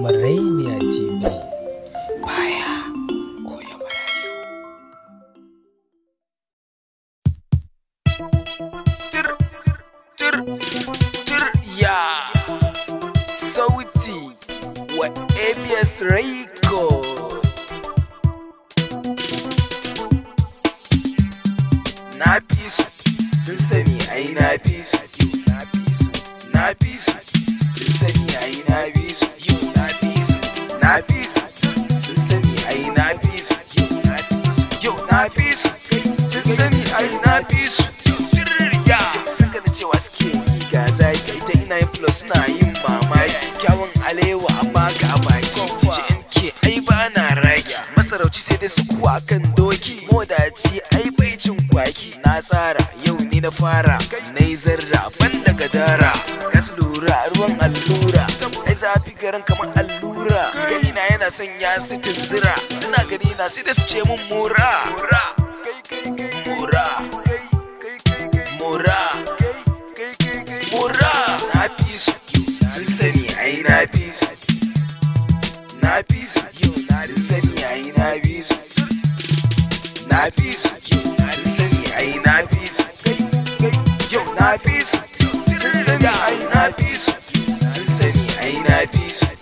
Maraimiya TV baya koya marayu. Tir, tir, tir, ya sauti wa ABS Records. na fi sun sani ai na fi su na fi na fi na bi su sun sani ai na bi su yau na bi su sun sani ai na bi su ya sun gani cewa suke yi ga zaki ita ina yin plus suna yin mamaki kyawun alewa a baka a baki ce in ke ai bana na masarauci sai dai su kuwa kan doki modaci ai bai cin kwaki na tsara yau ne na fara na yi zarra ban daga dara gas lura ruwan allura ai zafi garin kamar allura na sanya su tunzura suna gani na sai da su ce mun mura mura mura mura mura na fi su sun sani na fi su na fi su sun sani ai na fi su na fi su sun sani ai na fi su yau na fi su sun sani na fi su sun sani na fi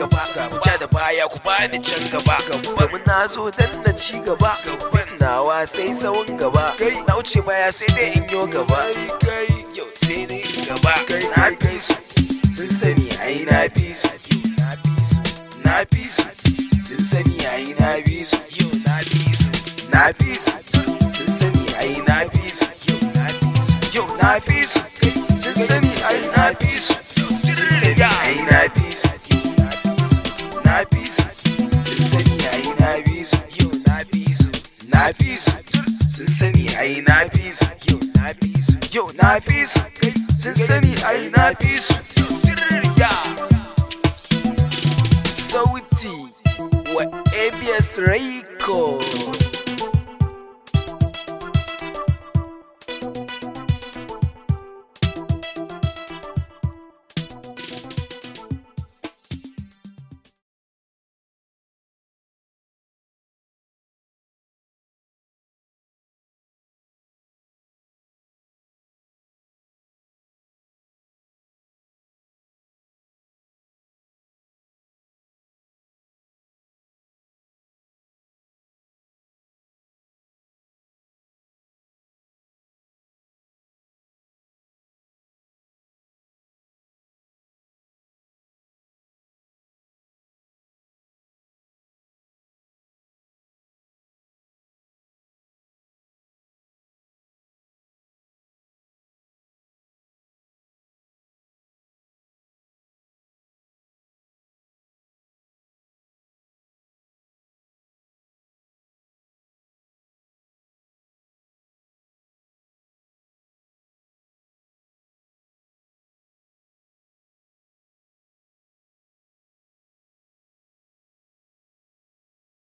gaba ku ja da baya ku bani can gaba bari na zo dan na ci gaba fitnawa sai sawun gaba na wuce baya sai dai in yo gaba Kai yau sai dai gaba na fi su sun sani ai na fi su na fi su sun sani ai na fi su yau na fi su na fi su sun sani ai na fi su yau na fi su sun sani ai na fi su sun sani ai na fi su yo na fi sun sani ai na fi ya sauti wa abs record